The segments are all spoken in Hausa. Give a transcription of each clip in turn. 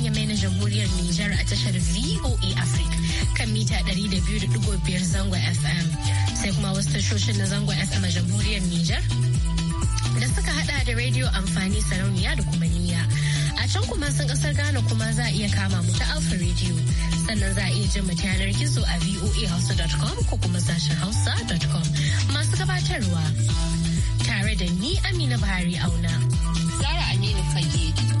ya mai na jamhuriyar Nijar a tashar VOA Africa kan mita 200.5 zango FM. Sai kuma wasu tashoshin na zango FM a jamhuriyar Nijar da suka hada da rediyo amfani sarauniya da kuma niyya. A can kuma sun kasar Ghana kuma za a iya kama mu ta Alfa Radio. Sannan za a iya jin mu yanar gizo a voahausa.com ko kuma sashen hausa.com. Masu gabatarwa tare da ni Amina Buhari Auna. Zara Aminu Fage.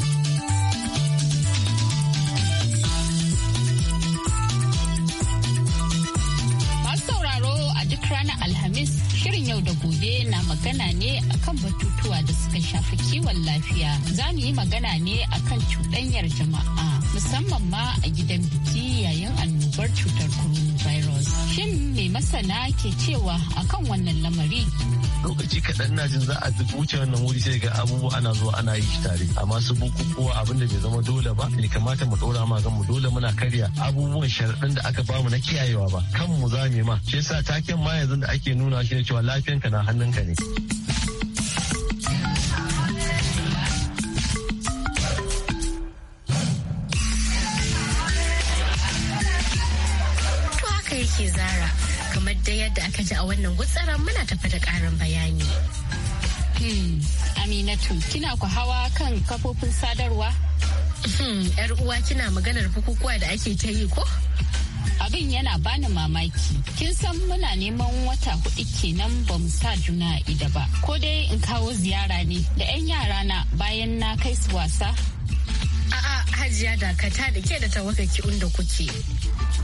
duk ranar Alhamis shirin yau da gobe na magana ne akan batutuwa da suka shafi kiwon lafiya. Za mu yi magana ne akan cuɗanyar jama'a musamman ma a gidan biki yayin annoba. annobar cutar coronavirus. Shin me masana ke cewa akan wannan lamari? lokaci kaɗan na jin za a wuce wannan wuri sai ga abubuwa ana zuwa ana yi tare amma su bukukuwa abin da bai zama dole ba ne kamata mu ɗora ma mu dole muna karya abubuwan sharaɗin da aka bamu na kiyayewa ba kanmu za mu ma shi yasa taken ma yanzu da ake nuna shi ne cewa lafiyanka na hannunka ne. ake zara kamar da yadda aka ji a wannan gutsaran muna tafa da karin bayani. Hmm, Aminatu kina ku hawa kan kafofin sadarwa? Hmm, yar uwa kina maganar bukukuwa da ake ta yi ko? Abin yana bani mamaki. Kin san muna neman wata hudu kenan ba mu sa juna ida ba. Ko dai in kawo ziyara ne da 'yan yara na bayan na kai su wasa A'a hajiya dakata da ke da tawakaki inda kuke.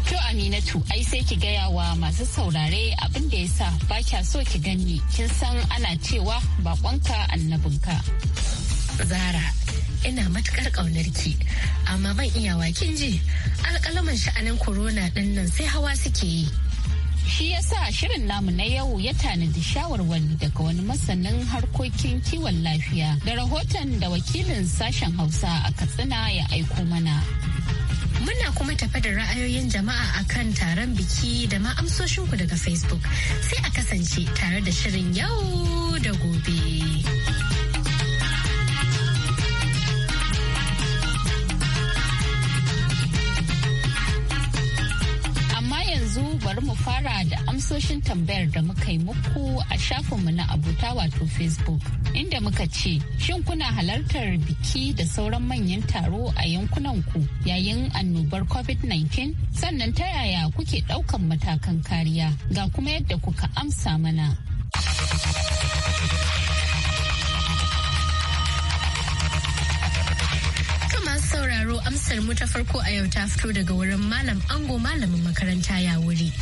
To Aminatu, ai sai ki gaya wa masu saurare abin da ya sa ba kya so ki ganni, kin san ana cewa bakonka annabinka. Zara, ina matukar ƙaunarki, amma ban iyawa kin ji, alƙalaman sha'anin corona ɗin nan sai hawa suke yi. Shi ya sa shirin namu na yau ya tanadi shawarwari daga wani masanin harkokin kiwon lafiya da rahoton da wakilin sashen Hausa a Katsina ya aiko mana. Muna kuma tafe da ra'ayoyin jama'a a kan taron biki da ma amsoshinku daga Facebook. Sai a kasance tare da shirin yau da gobe. bari mu fara da amsoshin tambayar da muka yi muku a shafinmu na abuta wato Facebook inda muka ce shin kuna halartar biki da sauran manyan taro a yankunan ku yayin annobar COVID-19 sannan ta yaya kuke ɗaukan matakan kariya ga kuma yadda kuka amsa mana. sauraro amsar mu ta farko a yau ta fito daga wurin malam ango malamin makaranta ya wuri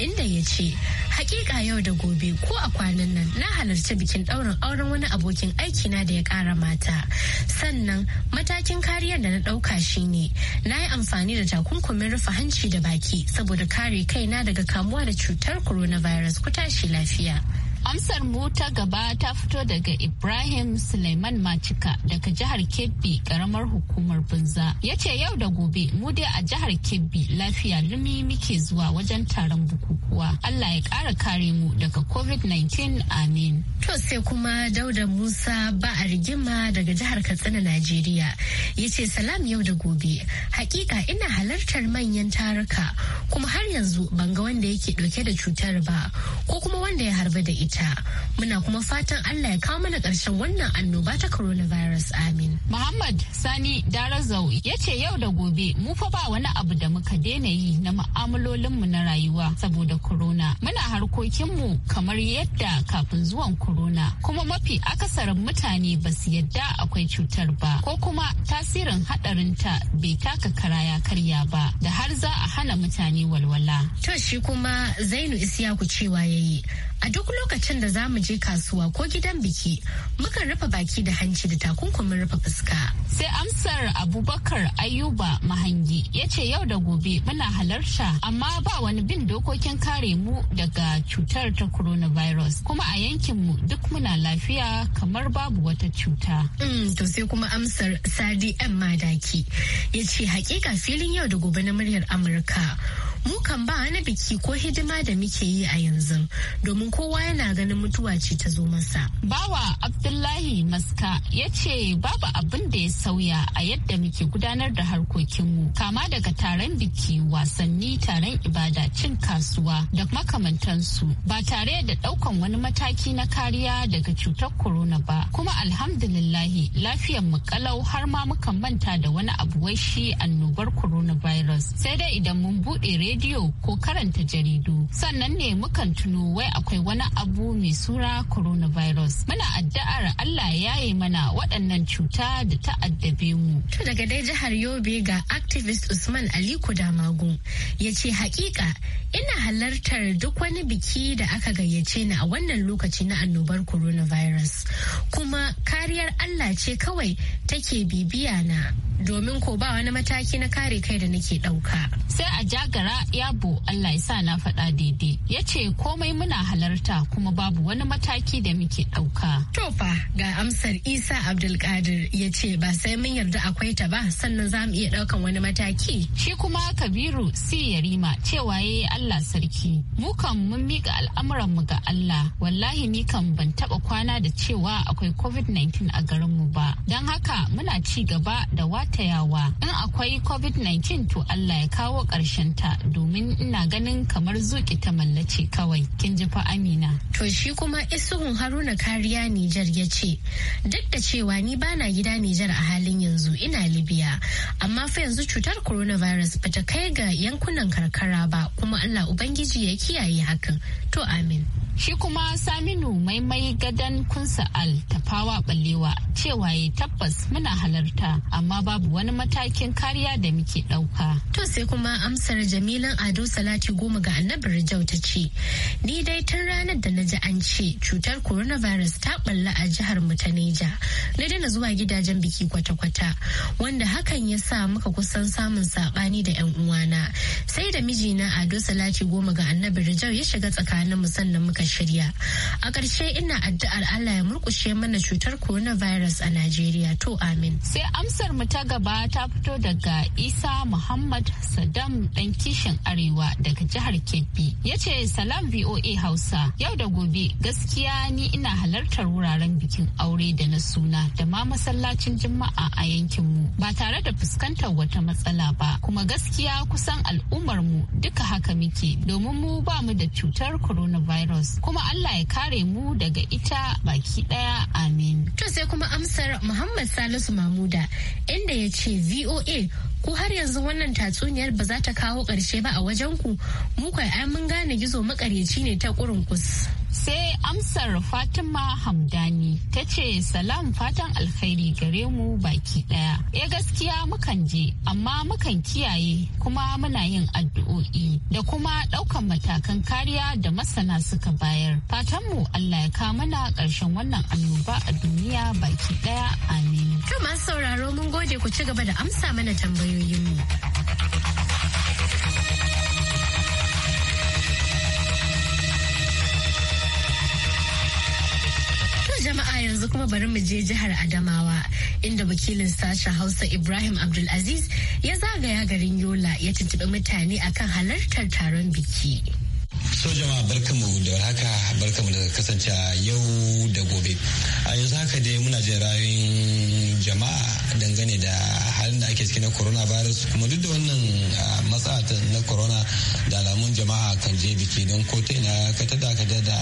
inda ya ce hakika yau da gobe ko a kwanan nan na halarci bikin daurin auren wani abokin aikina da ya kara mata sannan matakin kariyar da na ɗauka shine na yi amfani da takunkumin rufe hanci da baki saboda kare kaina daga kamuwa da cutar coronavirus ku tashi lafiya. Amsar mu ta gaba ta fito daga Ibrahim Suleiman Macika daga jihar Kebbi karamar hukumar Binza. Ya ce yau da gobe mu dai a jihar Kebbi lafiya lumi muke zuwa wajen taron bukukuwa. Allah ya ƙara kare mu daga COVID-19 amin. To sai kuma Dauda Musa ba a rigima daga jihar Katsina Najeriya. Ya ce salam yau da gobe. Hakika ina halartar manyan taruka kuma har yanzu ban ga wanda yake ɗauke da cutar ba. ko kuma wanda ya harba da ita muna kuma fatan allah ya kawo mana ƙarshen wannan annoba ta coronavirus amin muhammad sani darazau ya ce yau da gobe mu fa ba wani abu da muka daina yi na mu na rayuwa saboda corona muna harkokin mu kamar yadda kafin zuwan corona kuma mafi akasarin mutane ba su yadda akwai cutar ba ko kuma tasirin ta bai taka karaya karya ba da har za a hana mutane walwala to shi kuma zainu isiyaku cewa ya yi a duk lokacin da za mu je kasuwa ko gidan biki mukan rufe baki da hanci da takunkumin rufe fuska. Sai amsar Abubakar Ayuba Mahangi ya ce yau da gobe muna halarta amma ba wani bin dokokin kare mu daga cutar ta coronavirus kuma a yankinmu duk muna lafiya kamar babu wata cuta. Mm, to sai kuma amsar Sadi Madaki ya ce hakika filin yau da gobe na muryar Amurka. mu kan ba wani biki ko hidima da muke yi a yanzu domin kowa yana ganin mutuwa ce ta zo masa. Bawa Abdullahi Maska ya ce babu abin da ya sauya a yadda muke gudanar da harkokinmu kama daga taron biki wasanni taron ibada cin kasuwa da makamantansu ba tare da daukan wani mataki na kariya daga cutar corona ba kuma alhamdulillahi lafiyar mu kalau har ma mukan manta da wani abu wai shi annobar coronavirus sai dai idan mun buɗe rediyo ko karanta jaridu sannan ne mukan tuno wai akwai wani abu mai sura coronavirus muna addu'ar allah ya yi mana waɗannan cuta da ta addabe mu to daga dai jihar yobe ga activist usman Ali Kudamagu ya ce haƙiƙa ina halartar duk wani biki da aka gayyace ni a wannan lokaci na annobar coronavirus kuma kariyar allah ce kawai take bibiya na domin ko ba wani mataki na kare kai da nake ɗauka sai a jagara Musa Yabo Allah ya sa na faɗa daidai ya ce komai muna halarta kuma babu wani mataki da muke ɗauka. To ga amsar Isa Abdulkadir ya ce ba sai mun yarda akwai ta ba sannan za mu iya ɗaukan wani mataki. Shi kuma Kabiru si Yarima cewa ya yi Allah sarki. Mu kan mun miƙa mu ga Allah wallahi ni kan ban taɓa kwana da cewa akwai COVID-19 a garinmu ba. Don haka muna ci gaba da watayawa in akwai COVID-19 to Allah ya kawo ƙarshen ta domin ina ganin kamar zuƙi ta mallace kawai kin ji fa amina. To shi kuma isuhun haruna kariya Nijar ya ce duk da cewa ni bana gida Nijar a halin yanzu ina Libya amma fa yanzu cutar coronavirus ta kai ga yankunan karkara ba kuma Allah Ubangiji ya kiyaye hakan to amin. Shi kuma Saminu maimai gadan kunsa'al tafawa balewa cewa ya tabbas muna halarta amma babu wani matakin kariya da muke ɗauka. To sai kuma amsar jamilan ado salati goma ga annabi Jau ta ce, Ni dai tun ranar da na ji an ce cutar coronavirus ta balla a jihar mu ta Neja. Na dana zuwa gidajen biki kwata-kwata wanda hakan ya sa muka kusan samun saɓani da 'yan uwana. Sai da mijina ado salati goma ga annabi Jau ya shiga tsakaninmu sannan muka shirya. A ƙarshe ina addu'ar Allah ya murkushe mana cutar coronavirus a Najeriya to amin. Sai amsar mu ta gaba ta fito daga Isa Muhammad Saddam ɗan kishin Arewa daga jihar Kebbi. Ya ce salam VOA Hausa yau da gobe gaskiya ni ina halartar wuraren bikin aure da na suna da ma masallacin Juma'a a yankinmu ba tare da fuskantar wata matsala ba kuma gaskiya kusan al'ummar mu duka haka muke domin mu ba mu da cutar coronavirus kuma Allah ya kare mu daga ita baki daya amin. To sai kuma amsar Muhammad Salisu Mamuda inda ya ce VOA ko har yanzu wannan tatsuniyar ba za ta kawo ƙarshe ba a wajen ku, mu kai ai mun gane gizo makaryaci ne ta kurunkus. Sai amsar Fatima Hamdani ta ce salam fatan alkhairi gare mu baki daya. E eh, gaskiya mukan je amma mukan kiyaye kuma muna yin addu'o'i da kuma ɗaukan matakan kariya da masana suka bayar. Fatanmu Allah ya ka mana ƙarshen wannan annoba a duniya baki daya amin. To sauraro mun gode ku ci gaba da amsa mana tambayi. wayoyinmu. jama'a yanzu kuma bari mu je jihar Adamawa inda wakilin sashen Hausa Ibrahim Abdulaziz ya zagaya garin Yola ya tuntuɓi mutane akan halartar taron biki. So jama'a barkamu da haka mu da kasance yau da gobe. A yanzu haka dai muna jin rayuwar jama'a dangane da halin da ake ciki na coronavirus kuma duk da wannan matsa na corona da alamun jama'a kan je biki don ko ta ina ka da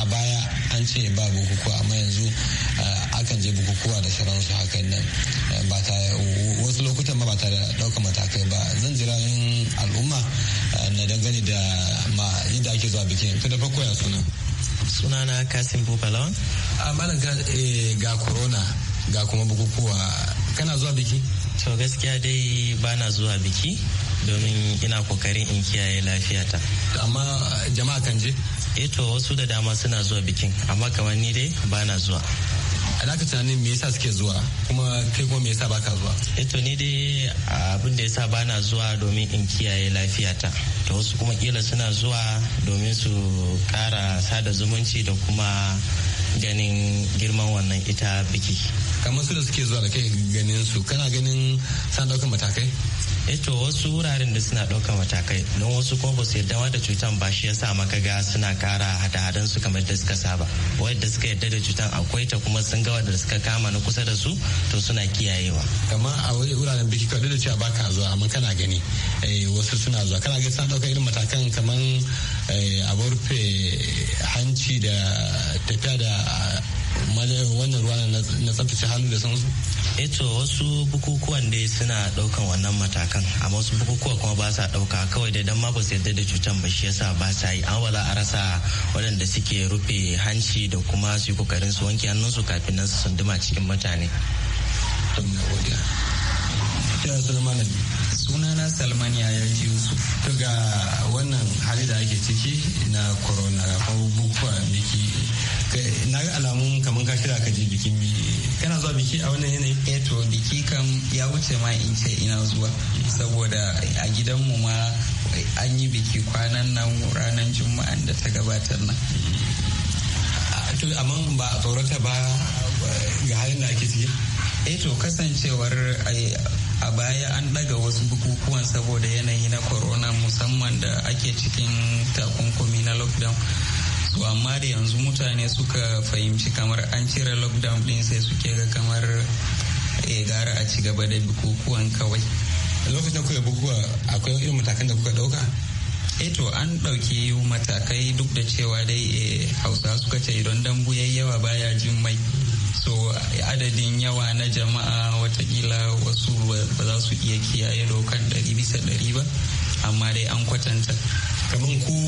a baya an ce ba bukukuwa amma yanzu eh, akan je bukukuwa da sauransu hakan nan eh, ba ta wasu lokutan ma ba ta da ɗaukar matakai ba zan jira yin al'umma eh, na dangane da ma yadda ake zuwa bikin ta da farko ya suna sunana kasim bubalon a ah, malam ga corona ga kuma bukukuwa kana zuwa biki to gaskiya dai ba na zuwa biki domin ina kokarin in kiyaye lafiyata amma jama'a kan je eto eh wasu da dama suna zuwa bikin amma kamar ni dai ba na zuwa alaka tunanin me yasa suke zuwa kuma kai kuma me yasa baka zuwa eto eh ni dai abin da yasa ba na zuwa domin in kiyaye lafiyata to wasu kuma kila suna zuwa domin su kara sada zumunci da kuma ganin girman wannan ita biki kamar su da suke zuwa da kai ganin su kana ganin san daukan matakai eto eh wasu wuraren da suna daukan matakai don wasu kuma ba su yarda da cutan ba shi yasa maka ga suna kara hada-hadan su kamar da suka saba wadda suka yarda da cutan akwai ta kuma sun ga wadda suka kama na kusa da su to suna kiyayewa kamar a wuraren biki kawai da cewa baka zuwa amma kana gani eh wasu suna zuwa kana gani suna ɗauka irin matakan kamar eh, a rufe hanci da tafiya da eh, wannan ruwa na tsaftace hannu da sansu? eto eh wasu bukukuwan dai suna ɗaukan wannan matakan amma wasu bukukuwa kuma ba sa ɗauka kawai dai dan ma ba su yarda da cutan ba shi yasa ba sa yi an wala a rasa waɗanda suke rufe hanci da kuma su yi kokarin su wanke hannunsu kafin nan su sunduma cikin mutane. sunana salman yaya yusuf to ga wannan hali da ake ciki na corona bukwa biki na ga alamun kamar ka shirya ka je bikin kana zuwa biki a wannan yanayi eh to biki kam ya wuce ma in ce ina zuwa saboda a gidanmu ma an yi biki kwanan nan ranar juma'an da ta gabatar nan to amma ba a tsorata ba ga halin da ake ciki eh to kasancewar eh, a baya an daga wasu bukukuwan saboda yanayi na corona musamman da ake cikin takunkumi na lockdown to amma da yanzu mutane suka fahimci kamar an cire lockdown din sai suke ga kamar e gara a ci gaba da bukukuwan kawai lokacin da bukukuwa akwai irin matakan da kuka dauka eto eh an ɗauki matakai duk da cewa dai eh, hausa suka ce idan dambu yayi yawa baya jin mai so adadin yawa na jama'a watakila wasu ba za su iya kiyaye dokan ɗari bisa ɗari ba amma dai an kwatanta kamar ku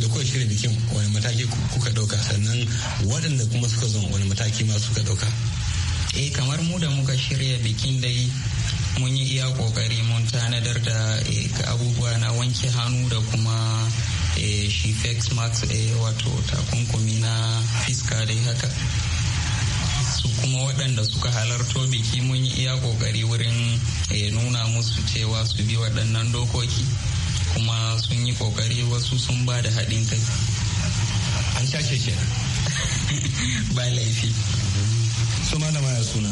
da kuka shirya bikin wani mataki kuka ɗauka sannan waɗanda kuma suka zo wani mataki ma suka ɗauka eh kamar mu da muka shirya bikin dai mun yi iya kokari mun tanadar da eh, abubuwa na wanke hannu da kuma eh, shi face mask eh, wato takunkumi na fiska dai haka su kuma waɗanda suka halarto biki mun yi iya ƙoƙari wurin eh, nuna musu cewa su bi waɗannan dokoki kuma sun yi ƙoƙari wasu sun ba da haɗin kai an tace ke ba laifi so malama ya suna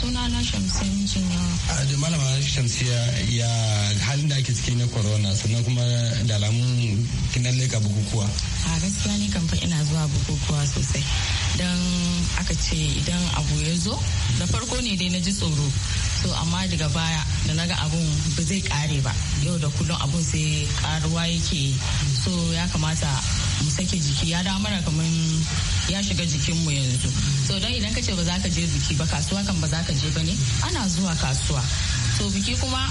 suna na shamsiya mijin yawa malama shamsiya ya halin da ake ciki na corona sannan kuma da alamun kinan leka bukukuwa a gaskiya ne kamfa ina zuwa bukukuwa sosai don aka ce idan abu ya zo da farko ne dai na ji tsoro so amma daga baya da naga abun ba zai kare ba yau da kullum abun sai karuwa yake so ya kamata mu sake jiki ya dawo mara kamar ya shiga jikin mu yanzu so don idan kace ce ba za ka je biki ba kasuwa kan ba za ka je ba ne ana zuwa kasuwa so biki kuma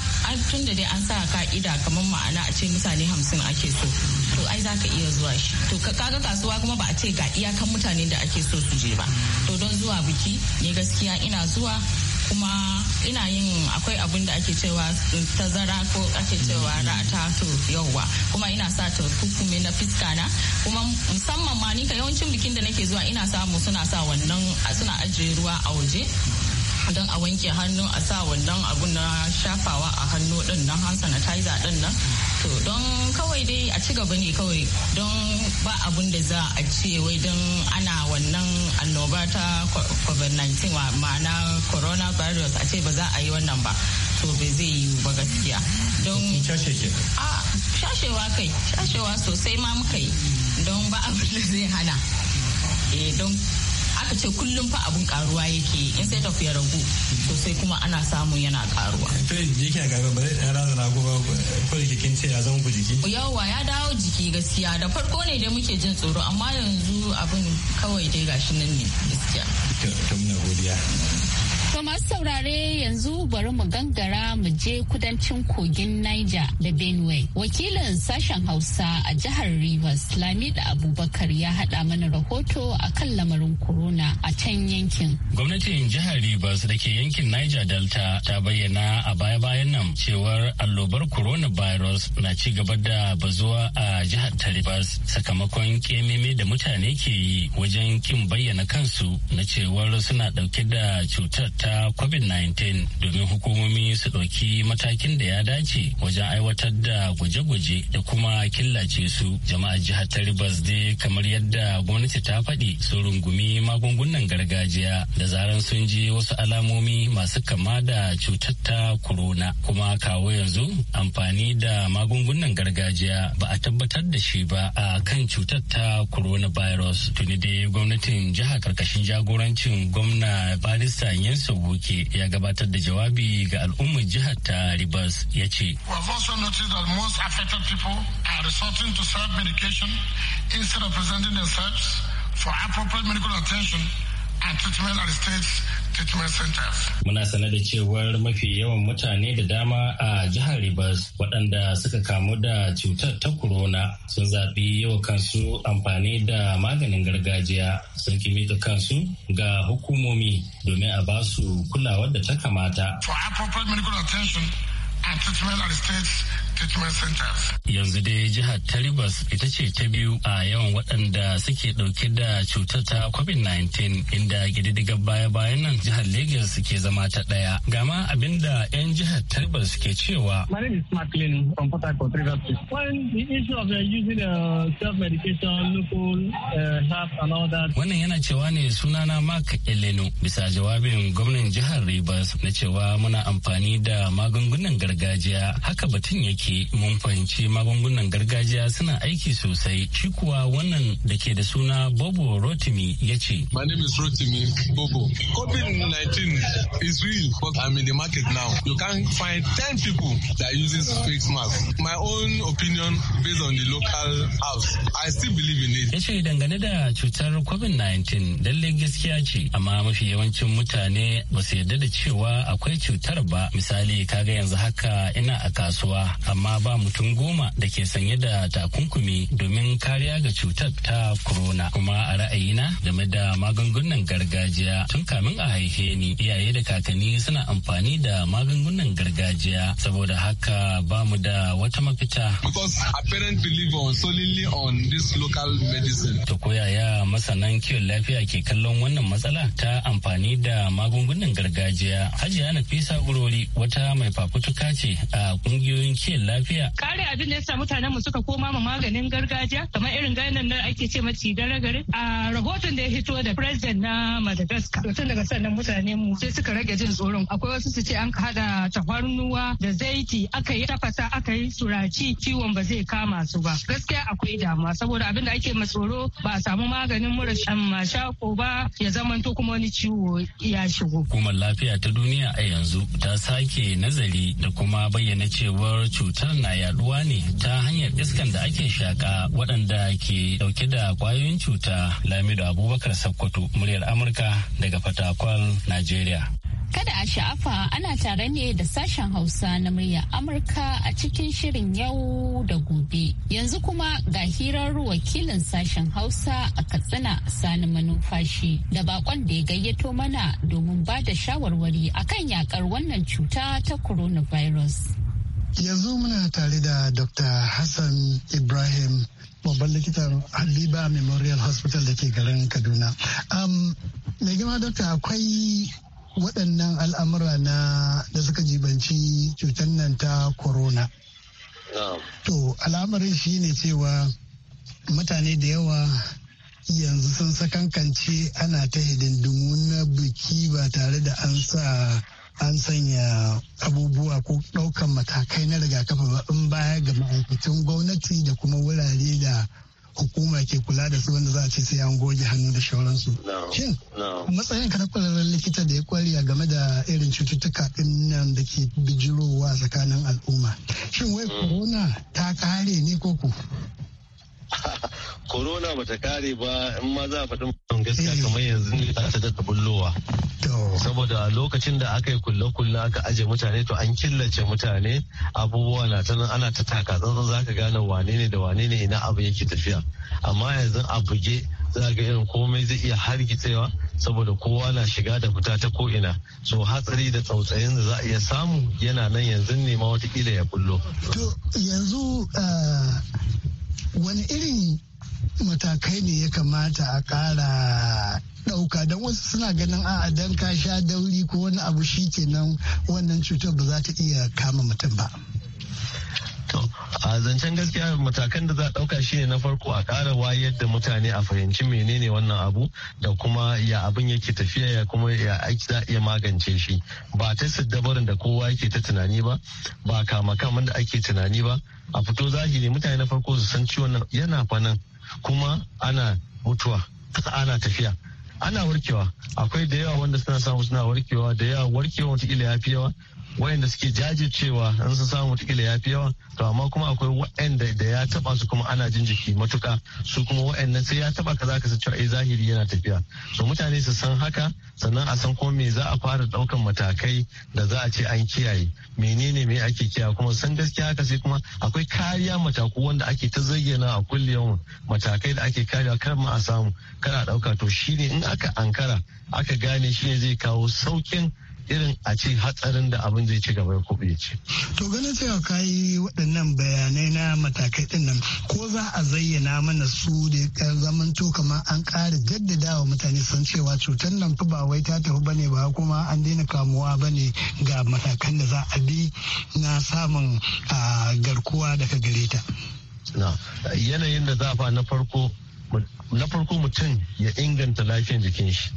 tun da dai an sa ka'ida kamar ma'ana a ce mutane hamsin ake so to ai za ka iya zuwa shi to kaga kasuwa kuma ba a ce ga iyakan mutanen da ake so su je ba to don zuwa biki ne gaskiya ina zuwa kuma ina yin akwai abin da ake cewa tazara ko ake cewa mm. rata to yauwa kuma ina sa ta kukume na fiska na kuma musamman ma nika yawancin bikin da nake zuwa ina samu suna sa wannan suna ajiye ruwa a waje don a wanke hannu a sa wannan abun na shafawa a hannu din nan hand sanitizer din nan to don kawai dai a ci gaba ne kawai don ba abun da za a ce wai don ana wannan annoba ta covid-19 ma'ana coronavirus a ce ba za a yi wannan ba to bai zai yi ba gaskiya don a shashewa kai shashewa sosai ma muka yi don ba abun da zai hana eh, don a ce kullum fa abun karuwa yake in sai ya ragu to sai kuma ana samu yana karuwa fere yake na ba zai dan razana ko ba ko jikin ce ya zama ku jiki yawa ya dawo jiki gaskiya da farko ne dai muke jin tsoro amma yanzu abin kawai dai gashi nan ne gaskiya to muna godiya To masu saurare yanzu bari mu gangara mu je kudancin kogin Niger da Benue. Wakilin sashen Hausa a jihar Rivers Lamida Abubakar ya haɗa mana rahoto a kan lamarin corona a can yankin. Gwamnatin jihar Rivers da ke yankin Niger Delta ta bayyana a baya-bayan nan cewar allobar coronavirus na ci gaba da bazuwa a jihar ta Rivers sakamakon kememe da mutane ke yi wajen kin bayyana kansu na cewar suna ɗauke da cutar ta ta covid-19 domin hukumomi su ɗauki matakin da ya dace wajen aiwatar da guje guje da kuma killace su jama'a jihar ta ribas dai kamar yadda gwamnati ta faɗi sun rungumi magungunan gargajiya da zaran sun je wasu alamomi masu kama da cutar ta corona kuma kawo yanzu amfani da magungunan gargajiya ba a tabbatar da shi ba a kan cutar ta coronavirus tuni dai gwamnatin jihar karkashin jagorancin gwamna barista yansu Goke ya gabatar da jawabi ga al'ummar jihar ta Rivers ya ce. instead of presenting themselves for appropriate medical attention and treatment at the states treatment centers. Muna sane da cewar mafi yawan mutane da dama a jihar Rivers waɗanda suka kamu da cutar ta corona sun zaɓi yawa kansu amfani da maganin gargajiya sun kimika kansu ga hukumomi domin a basu kulawar da ta kamata. For appropriate medical attention and treatment at the state treatment centers. Yanzu dai jihar ta ita ce ta biyu a yawan waɗanda suke ɗauke da cutar ta COVID-19 inda ƙididdigar baya-bayan nan jihar Lagos ke zama ta ɗaya. Gama abinda 'yan jihar ta suke ke cewa. My Wannan yana cewa ne sunana Mark Eleno bisa jawabin gwamnan jihar Rivers na cewa muna amfani da magungunan gargajiya haka batun yake. aiki mun fahimci magungunan gargajiya suna aiki sosai shi kuwa wannan da ke da suna bobo rotimi ya ce my name is rotimi bobo covid-19 is real but i'm in the market now you can find 10 people that uses face mask my own opinion based on the local house i still believe in it ya ce dangane da cutar covid-19 lallai gaskiya ce amma mafi yawancin mutane ba su yarda da cewa akwai cutar ba misali kaga yanzu haka ina a kasuwa amma ba mutum goma da ke sanye da takunkumi domin kariya ga cutar ta corona kuma a ra'ayina game da magungunan gargajiya tun kamin a haife ni iyaye da kakanni suna amfani da magungunan gargajiya saboda haka ba mu da wata mafita. Ta koyaya masanan kiwon lafiya ke kallon wannan matsala ta amfani da magungunan gargajiya. Hajiya Nafisa Urori wata mai fafutuka ce a kungiyoyin kiwon lafiya. Kare abin da ya sa mutanen mu suka koma ma maganin gargajiya kamar irin ganin nan ake ce mace dare gari a rahoton da ya hito da president na Madagascar. Tun daga sannan mutane mu sai suka rage jin tsoron akwai wasu su ce an hada tafarnuwa da zaiti aka yi tafasa aka yi suraci ciwon ba zai kama su ba. Gaskiya akwai damuwa saboda abin da ake tsoro ba a samu maganin mura mashako ba ya zamanto kuma wani ciwo ya shigo. Hukumar lafiya ta duniya a yanzu ta sake nazari da kuma bayyana cewar cutar cutar na yaduwa ne ta hanyar iskan da ake shaka waɗanda ke dauke da kwayoyin cuta lamido abubakar sakkwato muryar amurka daga fatakwal nigeria kada a sha'afa ana tare ne da sashen hausa na murya amurka a cikin shirin yau da gobe yanzu kuma ga hirar wakilin sashen hausa a katsina sani manumfashi da bakon da ya gayyato mana domin ba da shawarwari akan yakar wannan cuta ta coronavirus yanzu muna tare da dr hassan ibrahim babban likitan habiba memorial hospital da ke garin kaduna mai gama dokta akwai waɗannan al'amura na da suka jibanci cutar nan ta corona to al'amarin shi ne cewa mutane da yawa yanzu sun sakankance ana ta hidindimu na biki ba tare da an sa an sanya abubuwa ko ɗaukan matakai na rigakafi ba in baya ga ma'aikatan gwamnati da kuma wurare da hukuma ke kula da su wanda za a ce sai an goge hannu da shauransu. Shin matsayin ka na kwararren likita da ya kware game da irin cututtuka din nan da ke bijirowa tsakanin al'umma. Shin wai mm. corona ta kare ne ko ku? corona bata kare ba in ma za a faɗi mutum gaskiya kamar yanzu ne za ta daɗa bullowa saboda lokacin da aka yi kulle-kulle aka aje mutane to an killace mutane abubuwa na ta nan ana ta taka tsantsan za ka gane wane ne da wane ne ina abu yake tafiya amma yanzu a buge za ga irin komai zai iya hargitsewa saboda kowa na shiga da fita ta ko'ina so hatsari da tsautsayin da za a iya samu yana nan yanzu ne ma watakila ya bullo. to yanzu ah, wani irin matakai ne ya kamata a ƙara ɗauka don wasu suna ganin a'a dan ka sha dauri ko wani abu shi kenan wannan cutar ba za ta iya kama mutum ba. a zancen gaskiya matakan da za a ɗauka shi ne na farko a kara wayar da mutane a fahimci menene wannan abu da kuma ya abin yake tafiya ya kuma ya aiki za iya magance shi. Ba ta siddabarin da kowa yake ta tunani ba, ba kama kaman da ake tunani ba, a fito zahiri mutane na farko su san ciwon yana fanan. kuma ana mutuwa ana tafiya ana warkewa akwai da yawa wanda suna samu suna warkewa da yawa warkewa wata ya fi yawa wayanda suke jajircewa in su samu tikila ya fi yawa to amma kuma akwai wayanda da ya taba su kuma ana jin jiki matuka su kuma wayannan sai ya taba ka za ka cewa eh, zahiri yana tafiya so mutane su san haka sannan a san kuma me za a fara ɗaukan matakai da za a ce an kiyaye menene me ake kiyaye kuma san gaskiya haka sai kuma akwai kariya mataku wanda ake ta zayyana a kullum matakai da ake kariya kar ma a samu kar a ɗauka to shine in aka ankara aka gane shine zai kawo saukin irin a ci hatsarin da abin zai ci gaba ya bai ce. To ganin cewa ka yi waɗannan bayanai na matakai ɗin nan ko za a zayyana mana su da zaman to kamar an ƙara wa mutane san cewa cutar nan fa ba wai ta tafi ba ne ba kuma an daina kamuwa ba ne ga matakan da za a bi na samun garkuwa daga gare ta. Yanayin da za a na farko mutum ya inganta lafiyar jikin shi.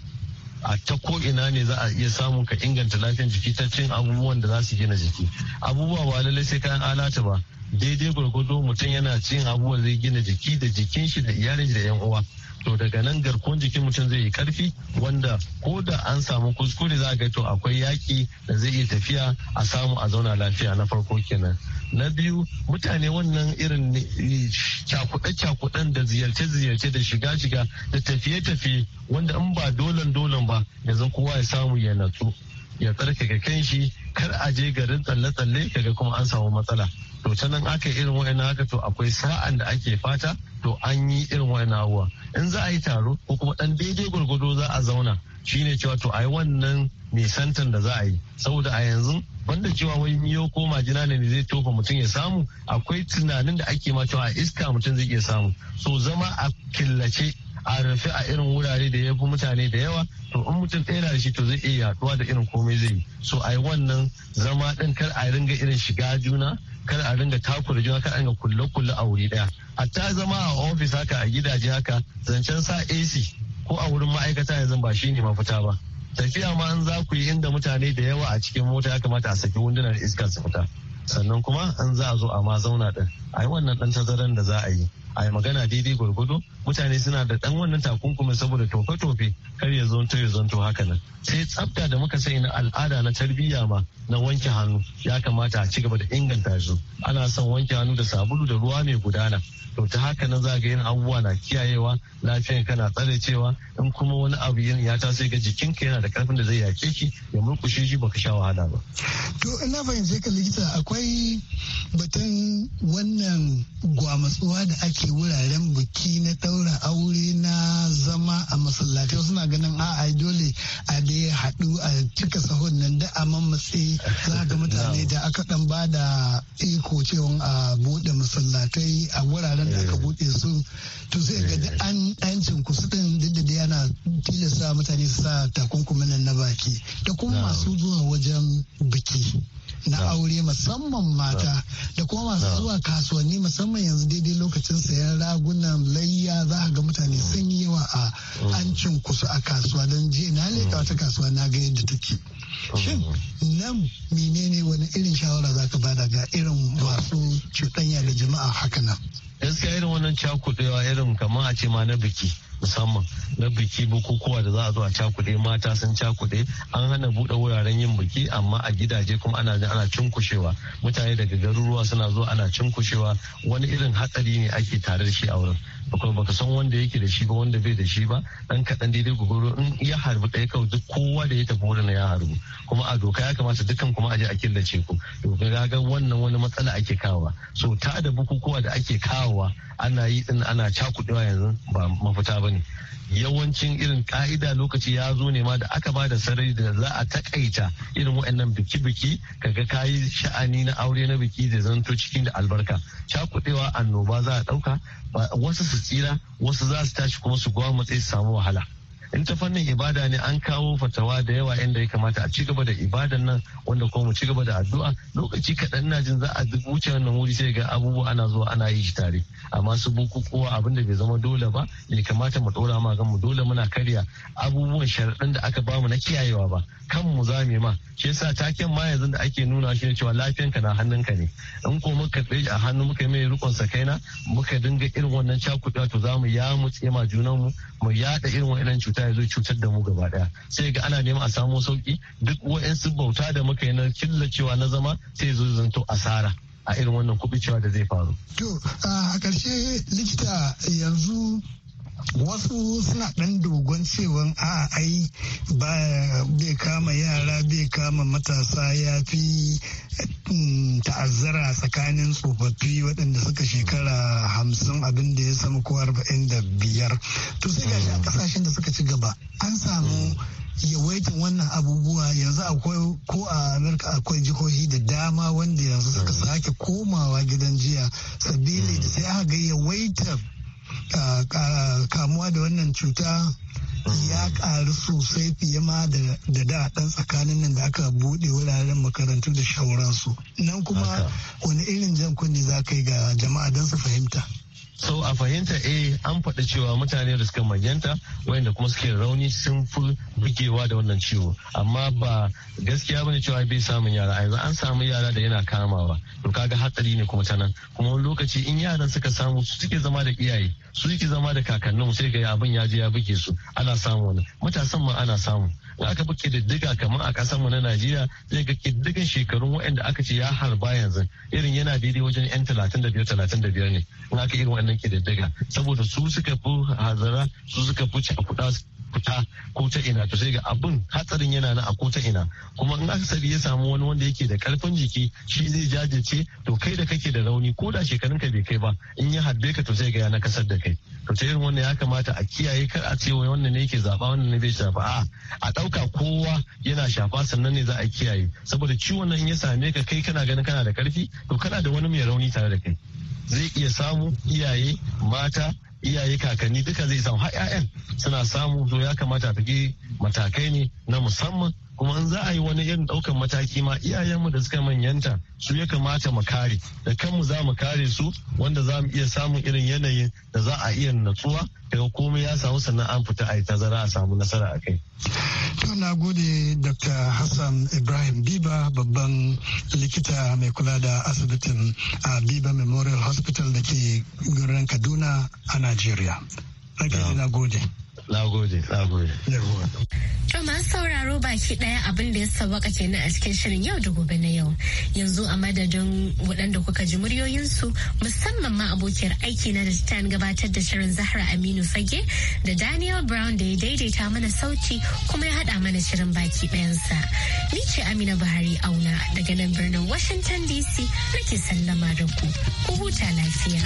a ta ko ina ne za a iya samun ka inganta lafiyar jiki ta cin abubuwan da za su gina jiki abubuwa ba lallai sai kayan alata ba daidai gwargwado mutum yana cin abubuwan zai gina jiki da jikin shi da iyalin da yan uwa to daga nan garkuwar jikin mutum zai yi karfi wanda ko da an samu kuskure za a ga to akwai yaki da zai iya tafiya a samu a zauna lafiya na farko kenan na biyu mutane wannan irin cakuɗe-cakuɗen da ziyarce-ziyarce da shiga-shiga da tafiye-tafiye wanda in ba dolan-dolan ba yanzu kowa ya samu ya natsu ya tsarkake kan shi kar a je garin tsalle-tsalle kaga kuma an samu matsala to ta nan aka irin wa'ina haka to akwai sa'an da ake fata to an yi irin wani abuwa in za a yi taro ko kuma dan daidai gwargwado za a zauna shine cewa to a yi wannan santan da za a yi saboda a yanzu banda cewa wai miyo ko majina ne zai tofa mutum ya samu akwai tunanin da ake ma cewa a iska mutum zai iya samu so zama a killace a rufe a irin wurare da ya fi mutane da yawa to in mutum ɗaya da shi to zai iya yaduwa da irin komai zai yi so a yi wannan zama ɗin kar a ringa irin shiga juna kar a ringa takura juna kar a ringa kulle-kulle a wuri ɗaya hatta zama a ofis haka a gidaje haka zancen sa ac ko a wurin ma'aikata yanzu ba shi ne mafita ba tafiya ma an za ku yi inda mutane da yawa a cikin mota ya kamata a saki wundunar Iska su fita sannan kuma an za a zo a ma zauna din a yi wannan ɗan tazaran da za a yi a yi magana daidai gwargwado mutane suna da dan wannan takunkumin saboda tofe-tofe kar ya zonto ya zonto haka nan sai tsafta da muka sai na al'ada na tarbiyya ma na wanke hannu ya kamata a ci gaba da inganta su ana son wanke hannu da sabulu da ruwa mai gudana to ta haka nan za ga yin abubuwa na kiyayewa lafiyar kana tsare cewa in kuma wani abu yin ya sai ga jikinka yana da karfin da zai yake ki ya murkushe shi baka sha wahala ba to ina fahimce ka likita akwai batun wannan gwamatsuwa da ake wuraren biki na tauri ɗaura aure na zama a masallatai suna ganin a dole a da ya haɗu a cika sahun nan da a mamatsi za ga mutane da aka ɗan ba da iko cewan a buɗe masallatai a wuraren da aka buɗe su to sai ga an ɗancin kusa ɗin da da yana tilasta mutane su sa takunkumin na baki da kuma masu zuwa wajen biki na aure musamman mata da kuma masu zuwa kasuwanni musamman yanzu daidai lokacin sayan ragunan layya za ga mutane mm. sun yi yawa a mm. ancin kusu a kasuwa don je na leka mm. wata kasuwa na ga yadda take shin nan menene wani irin shawara za ka bada ga irin masu cuɗanya da jama'a haka nan gaskiya irin wannan cakuɗewa irin kamar a ce ma na biki musamman na biki bukukuwa da za a zo a cakuɗe mata sun cakuɗe an hana buɗe wuraren yin biki amma a gidaje kuma ana jin ana cunkushewa mutane daga garuruwa suna zo ana cunkushewa wani irin hatsari ne ake tare da shi a wurin akwai baka san wanda yake da shi ba wanda bai da shi ba dan kaɗan daidai gogoro in ya harbu ɗaya kawai duk kowa da ya tafi wurin ya harbu kuma a doka ya kamata dukkan kuma a je a killace ku to ga wannan wani matsala ake kawowa so ta da bukukuwa da ake kawowa ana yi din ana cakuɗewa yanzu ba mafita ba bane yawancin irin ka'ida lokaci ya zo ne ma da aka ba da sarari da za a takaita irin waɗannan biki-biki kaga kayi sha'ani na aure na biki da zanto cikin da albarka cakuɗewa annoba za a ɗauka wasu su tsira wasu za su tashi kuma su gwamnati su samu wahala. in ta fannin ibada ne an kawo fatawa da yawa inda ya kamata a ci gaba da ibadan nan wanda kuma mu ci gaba da addu'a lokaci kaɗan na jin za a wuce wannan wuri sai ga abubuwa ana zuwa ana yi shi tare amma su bukukuwa abin da bai zama dole ba ya kamata mu ɗora ma mu dole muna karya abubuwan sharaɗin da aka bamu na kiyayewa ba kan mu za mu ma shi yasa taken ma yanzu da ake nuna shi ne cewa lafiyanka na hannunka ne in ko muka tsaye a hannu muka mai rikon na muka dinga irin wannan cakuɗa to za mu ya mu tsema junanmu mu yaɗa irin wannan cuta cuta ya zo cutar da mu gaba daya sai ga ana neman a samu sauki duk wa'yansu bauta da muka yi na killacewa na zama sai zo zanto asara a irin wannan kuɓi cewa da zai faru. To a ƙarshe likita yanzu wasu suna ɗan dogon cewa a ai bai kama yara bai kama matasa ya fi mm, ta'azzara tsakanin tsofaffi waɗanda suka shekara hamsin abin ya samu ko arba'in da biyar to sai gashi a ƙasashen da suka ci gaba an samu yawaitin wannan abubuwa yanzu akwai ko a amurka akwai jihohi da dama wanda yanzu suka hmm. sake komawa gidan jiya sabili da sai aka ga yawaitar kamuwa da wannan cuta ya karu mm-hmm. sosai fiye ma da da dan tsakanin nan da aka bude wuraren makarantu da shauransu nan kuma wani irin jan kunne za ka yi ga jama'a don su fahimta so a fahimta eh an faɗa cewa mutane da suka manyanta wayanda kuma suke rauni sun fi bugewa da wannan ciwo amma ba gaskiya bane cewa bai samun yara a yanzu an samu yara da yana kamawa to kaga hatsari ne kuma ta nan kuma wani lokaci in yaran suka samu su suke zama da iyaye su suke zama da kakannin sai ga abin ya je ya buge su ana samu wani matasan ma ana samu in aka bi kididdiga kamar a kasar mu na Najeriya zai ga kididdigan shekarun waɗanda aka ce ya harba yanzu irin yana daidai wajen yan talatin da ne in aka irin wannan kididdiga saboda su suka fi hazara su suka fi cakuɗa fita ko ta ina to sai ga abin hatsarin yana na a ko ta ina kuma in akasari ya samu wani wanda yake da karfin jiki shi zai jajirce to kai da kake da rauni ko da shekarun ka bai kai ba in ya harbe ka to sai ga ya kasar da kai to ta irin wannan ya kamata a kiyaye kar a ce wannan ne yake zaba wannan ne bai shafa a a ɗauka kowa yana shafa sannan ne za a kiyaye saboda ciwon nan ya same ka kai kana ganin kana da karfi to kana da wani mai rauni tare da kai zai iya samu iyaye mata iyaye kakanni duka zai samu har 'ya'yan suna samu zo ya kamata a matakai ne na musamman kuma in za a yi wani irin daukan mataki ma iyayenmu da suka manyanta su ya kamata mu kare da kanmu za mu kare su wanda za mu iya samun irin yanayin da za a iya natsuwa daga komai ya samu sannan an fita a yi tazara a samu nasara a kai. To na gode Dr. Hassan Ibrahim Biba babban likita mai kula da asibitin a Biba Memorial Hospital da ke garin Kaduna a Najeriya. na gode. Nagode, nagode. To sauraro baki ɗaya abin da ya sabaka kenan a cikin shirin yau da gobe na yau. Yanzu a madadin waɗanda kuka ji muryoyinsu musamman ma abokiyar aiki na da ta gabatar da shirin Zahra Aminu Fage da Daniel Brown da ya daidaita mana sauti kuma ya haɗa mana shirin baki ɗayansa. Ni ce Amina Buhari Auna daga nan birnin Washington DC nake sallama da ku. Ku huta lafiya.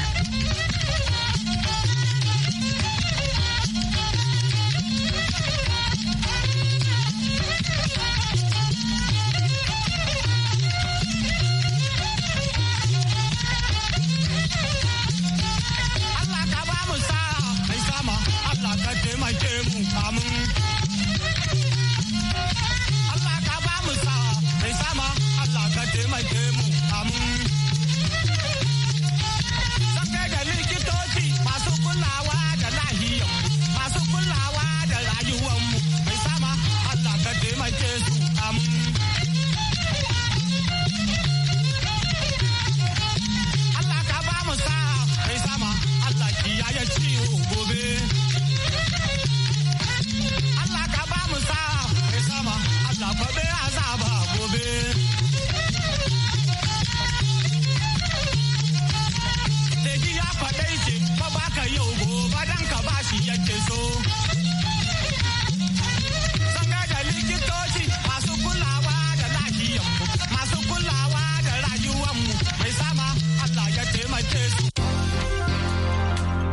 Mabe